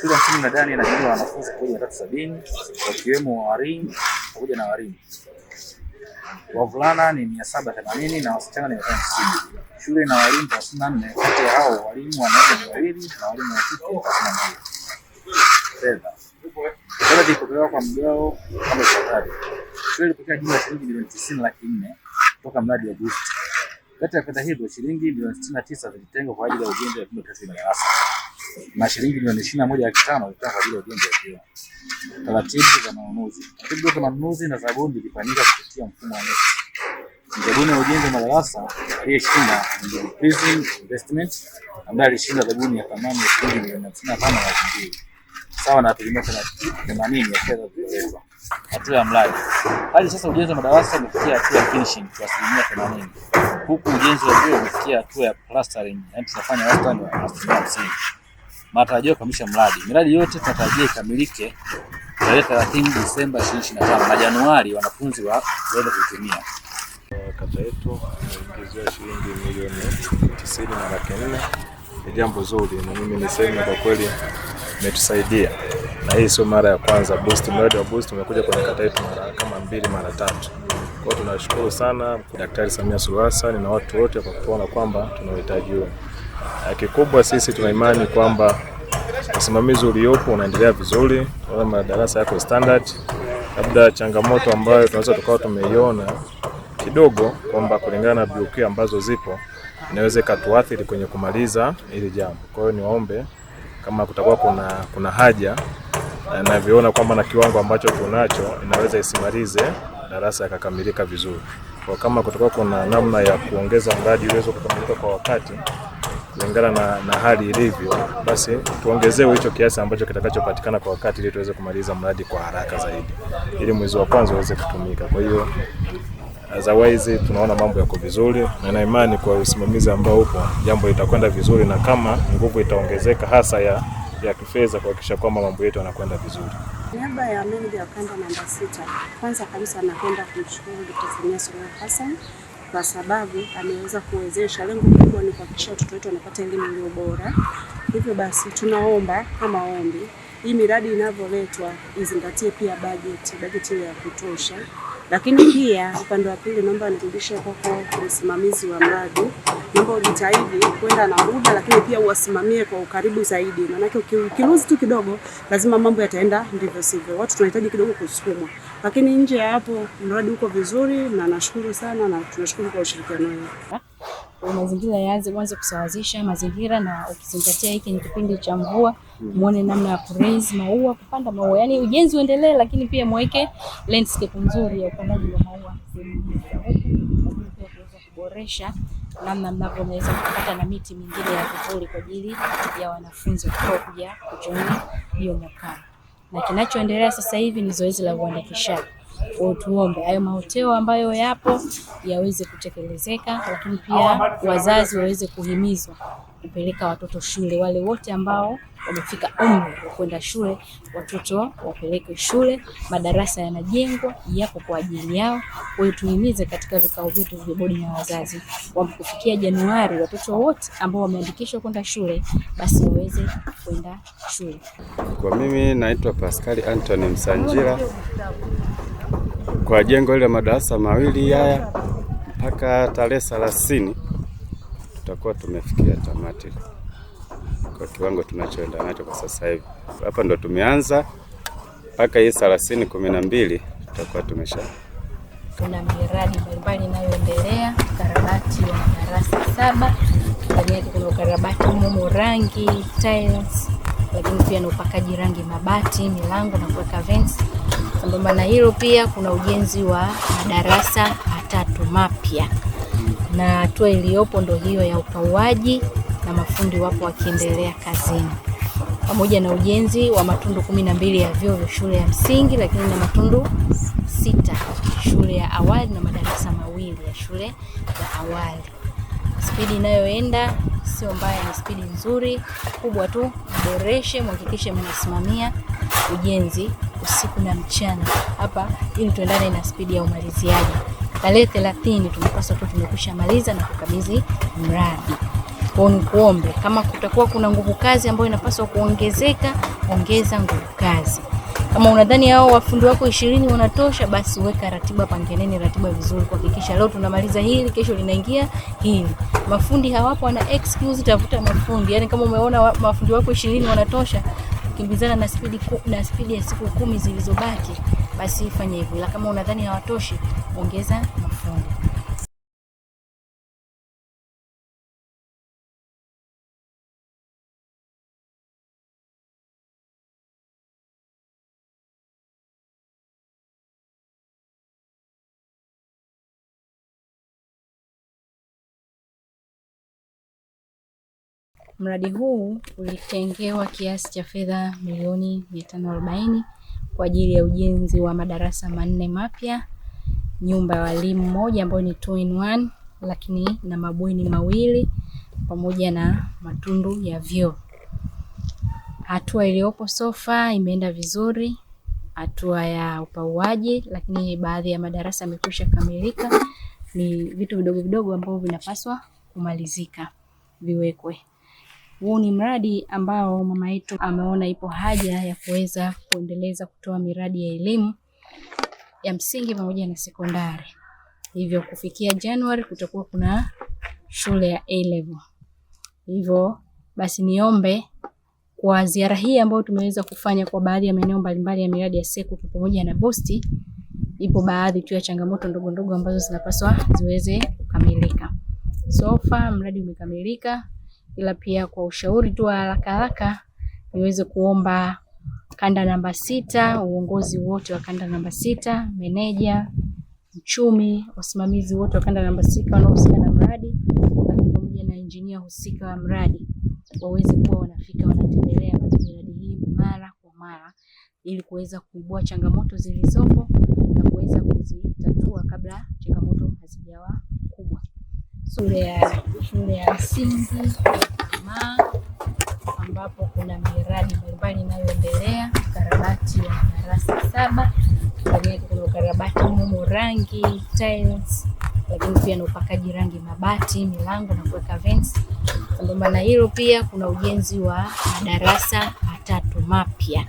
shule ya msingi Mnadani inajua wanafunzi zaidi ya 370 wakiwemo warimu pamoja na warimu. Wavulana ni 780 na wasichana ni 560. Shule ina walimu 54, kati ya hao walimu wanawake ni wawili na walimu wa kike na 31. Fedha. Fedha zilipokelewa kwa mgao kama ifuatavyo. Shule ilipokea jumla ya shilingi milioni 90 laki 4 kutoka mradi wa BOOST. Kati ya fedha hizo shilingi milioni 69 zilitengwa kwa ajili ya ujenzi wa vyumba vya madarasa na shilingi milioni ishirini na moja laki tano kwa ajili ya ujenzi wa vyoo. Taratibu za manunuzi. Taratibu za manunuzi na zabuni zilifanyika kupitia mfumo wa NeST. Mzabuni wa ujenzi wa madarasa aliyeshinda ni Prison Investment ambaye alishinda zabuni ya thamani ya shilingi milioni hamsini na tano laki mbili sawa na asilimia themanini ya fedha zilizoletwa. Hatua ya mradi. Hadi sasa ujenzi wa madarasa umefikia hatua ya finishing kwa asilimia themanini huku ujenzi wa vyoo umefikia hatua ya plastering, yaani tunafanya wastani wa asilimia hamsini matarajio ya kukamilisha mradi. Miradi yote tunatarajia ikamilike tarehe 30 Disemba 2025 na Januari wanafunzi waweze kutumia. Eh, kata yetu imeingizwa eh, shilingi milioni tisini na laki nne ni jambo zuri, na mimi niseme kwa kweli imetusaidia, na hii sio mara ya kwanza. Boost, mradi wa Boost umekuja kwenye kata yetu mara kama mbili mara tatu. Kwa hiyo tunashukuru sana Daktari Samia Suluhu Hassan na watu wote kwa kuona kwamba tunahitaji Kikubwa sisi tuna imani kwamba usimamizi uliopo unaendelea vizuri, madarasa yako standard. Labda changamoto ambayo tunaweza tukawa tumeiona kidogo kwamba kulingana na BOQ ambazo zipo inaweza ikatuathiri kwenye kumaliza hili jambo. Kwa hiyo niwaombe kama kutakuwa kuna, kuna haja navyoona kwamba na kiwango ambacho tunacho inaweza isimalize darasa yakakamilika vizuri. Kwa kama kutakuwa kuna namna ya kuongeza mradi uweze kukamilika kwa wakati kulingana na, na hali ilivyo, basi tuongezewe hicho kiasi ambacho kitakachopatikana kwa wakati, ili tuweze kumaliza mradi kwa haraka zaidi, ili mwezi wa kwanza uweze kutumika. Kwa hiyo otherwise tunaona mambo yako vizuri, na na imani kwa usimamizi ambao upo, jambo litakwenda vizuri, na kama nguvu itaongezeka hasa ya ya kifedha kuhakikisha kwamba mambo yetu yanakwenda vizuri. Niaba ya meneja wa kanda namba sita, kwanza kabisa napenda kumshukuru Dkt. Samia Suluhu Hassan kwa sababu ameweza kuwezesha. Lengo kubwa ni kuhakikisha watoto wetu wanapata elimu iliyo bora. Hivyo basi, tunaomba kama ombi, hii miradi inavyoletwa izingatie pia bajeti, bajeti ya kutosha. Lakini pia upande wa pili, naomba nirudishe kwako msimamizi wa mradi, naomba ujitahidi kwenda na muda, lakini pia uwasimamie kwa ukaribu zaidi, maanake ukiruzi tu kidogo, lazima mambo yataenda ndivyo sivyo. Watu tunahitaji kidogo kusukumwa lakini nje ya hapo mradi uko vizuri, na nashukuru sana na tunashukuru kwa ushirikiano wenu. Mazingira yaanze kwanza kusawazisha mazingira, na ukizingatia hiki ni kipindi cha mvua, muone namna ya kuraise maua, kupanda maua, yani ujenzi uendelee, lakini pia mweke landscape nzuri ya upandaji wa maua kuboresha namna mnavyoweza kupata na miti mingine ya kivuli kwa ajili ya wanafunzi watakaokuja kujoini hiyo mwakani na kinachoendelea sasa hivi ni zoezi la uandikishaji. tuombe hayo mahoteo ambayo yapo yaweze kutekelezeka, lakini pia wazazi waweze kuhimizwa kupeleka watoto shule, wale wote ambao wamefika umri wa kwenda shule, watoto wapeleke shule, madarasa yanajengwa, yapo kwa ajili yao. Kwa hiyo tuhimize katika vikao vyetu vya bodi na wazazi, kufikia Januari watoto wote ambao wameandikishwa kwenda shule basi waweze kwenda shule. Kwa mimi naitwa Pascal Anthony Msanjira, kwa jengo ile madarasa mawili haya mpaka tarehe 30 tutakuwa tumefikia tamati kwa kiwango tunachoenda nacho kwa sasa hivi. Hapa ndo tumeanza mpaka hii thelathini kumi na mbili tutakuwa tumesha. Kuna miradi mbalimbali inayoendelea, ukarabati wa darasa saba, ndani yake kuna ukarabati mumo rangi tiles, lakini pia na upakaji rangi mabati, milango na kuweka vents. Sambamba na hilo pia kuna ujenzi wa madarasa matatu mapya na hatua iliyopo ndo hiyo ya upauaji na mafundi wapo wakiendelea kazini, pamoja na ujenzi wa matundu kumi na mbili ya vyoo vya shule ya msingi, lakini na matundu sita shule ya awali na madarasa mawili ya shule ya awali. Spidi inayoenda sio mbaya, ni spidi nzuri kubwa tu. Mboreshe, mhakikishe mnasimamia ujenzi usiku na mchana hapa, ili tuendane na spidi ya umaliziaji. Tarehe 30 tumepaswa tu tumekwisha maliza na kukabidhi mradi. Kwa kama kutakuwa kuna nguvu kazi ambayo inapaswa kuongezeka, ongeza nguvu kazi. Kama unadhani hao wafundi wako ishirini wanatosha, basi weka ratiba, pangeneni ratiba vizuri, kuhakikisha leo tunamaliza hili, kesho linaingia hili. Mafundi hawapo, wana excuse, tafuta mafundi. Yani kama umeona mafundi wako ishirini wanatosha, kimbizana na spidi na spidi ya siku kumi zilizobaki, basi fanya hivyo. Ila kama unadhani hawatoshi, ongeza Mradi huu ulitengewa kiasi cha fedha milioni 540 kwa ajili ya ujenzi wa madarasa manne mapya, nyumba ya walimu moja ambayo ni two in one, lakini na mabweni mawili pamoja na matundu ya vyoo. Hatua iliyopo sofa imeenda vizuri, hatua ya upauaji, lakini baadhi ya madarasa yamekwisha kamilika. Ni vitu vidogo vidogo ambavyo vinapaswa kumalizika viwekwe. Huu ni mradi ambao mama yetu ameona ipo haja ya kuweza kuendeleza kutoa miradi ya elimu ya msingi pamoja na sekondari, hivyo kufikia January kutakuwa kuna shule ya A level. Hivyo basi niombe kwa ziara hii ambayo tumeweza kufanya kwa baadhi ya maeneo mbalimbali ya miradi ya SEKU pamoja na bosti, ipo baadhi tu ya changamoto ndogo ndogo ambazo zinapaswa ziweze kukamilika. So far mradi umekamilika ila pia kwa ushauri tu wa haraka haraka niweze kuomba kanda namba sita, uongozi wote wa kanda namba sita, meneja, mchumi, wasimamizi wote wa kanda namba sita wanaohusika na mradi, lakini pamoja na injinia husika wa mradi waweze kuwa wanafika wanatembelea miradi hii mara kwa mara ili kuweza kuibua changamoto zilizopo na kuweza kuzitatua kabla changamoto hazijawa shule ya shule ya msingi ambapo kuna miradi mbalimbali inayoendelea, ukarabati wa darasa saba. Kuna ukarabati mumo rangi tiles, lakini pia na upakaji rangi mabati, milango na kuweka vents. Sambamba na hilo, pia kuna ujenzi wa madarasa matatu mapya,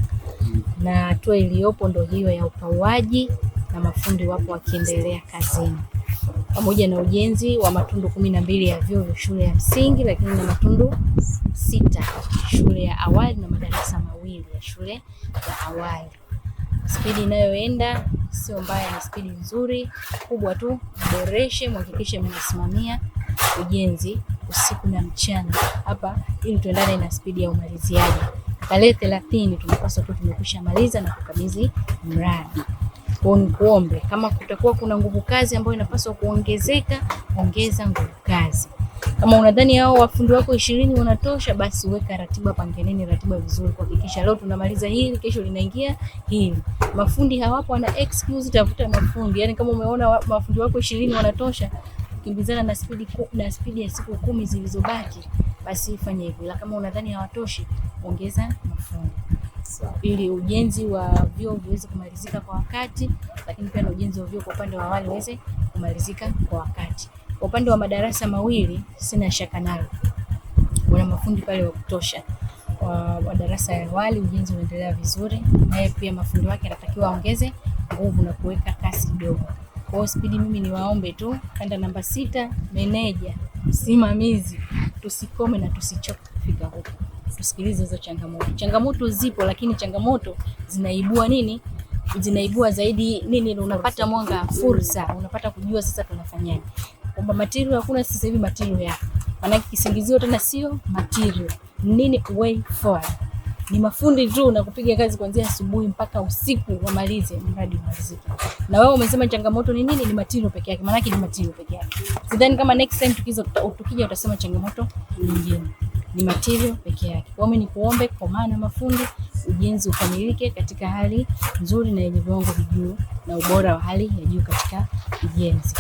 na hatua iliyopo ndio hiyo ya upauaji, na mafundi wapo wakiendelea kazini pamoja na ujenzi wa matundu kumi na mbili ya vyoo vya shule ya msingi, lakini na matundu sita shule ya awali na madarasa mawili ya shule ya awali. Spidi inayoenda sio mbaya, ni spidi nzuri kubwa tu. Mboreshe, mhakikishe mnasimamia ujenzi usiku na mchana hapa, ili tuendane na spidi ya umaliziaji. Tarehe thelathini tumepaswa tu tumekwisha maliza na kukabidhi mradi nikuombe kama kutakuwa kuna nguvu kazi ambayo inapaswa kuongezeka, ongeza nguvu kazi. Kama unadhani hao wafundi wako ishirini wanatosha, basi weka ratiba, pangeneni ratiba vizuri, kuhakikisha leo tunamaliza hili, kesho linaingia hili. Mafundi hawapo, ana excuse, tafuta mafundi. Yani kama umeona mafundi wako ishirini wanatosha, kimbizana na spidi na spidi ya siku kumi zilizobaki, basi fanye hivyo. Kama unadhani hawatoshi kuongeza mafundi ili ujenzi wa vyoo viweze kumalizika kwa wakati, lakini pia na ujenzi wa vyoo kwa upande wa awali uweze kumalizika kwa wakati. Kwa upande wa madarasa mawili sina shaka nalo, kuna mafundi pale wa kutosha. Kwa madarasa ya awali ujenzi unaendelea vizuri, naye pia mafundi wake anatakiwa aongeze nguvu na kuweka kasi kidogo. Kwa hiyo spidi, mimi niwaombe tu kanda namba sita, meneja msimamizi, tusikome na tusichoke tusikilize hizo changamoto. Changamoto zipo, lakini changamoto zinaibua nini, zinaibua zaidi nini, unapata mwanga, fursa, unapata kujua sasa tunafanyaje, kwamba material hakuna sasa hivi material ya maanake kisingizio tena sio material nini, way forward ni mafundi tu na kupiga kazi kuanzia asubuhi mpaka usiku, wamalize mradi umalizike. Na wewe umesema changamoto ni nini? Ni matirio peke yake, maanake ni matirio peke yake. Sidhani kama next time tukija utasema changamoto nyingine ni material peke yake. Kwa hiyo ni kuombe kwa maana mafundi, ujenzi ukamilike katika hali nzuri na yenye viwango vya juu na ubora wa hali ya juu katika ujenzi.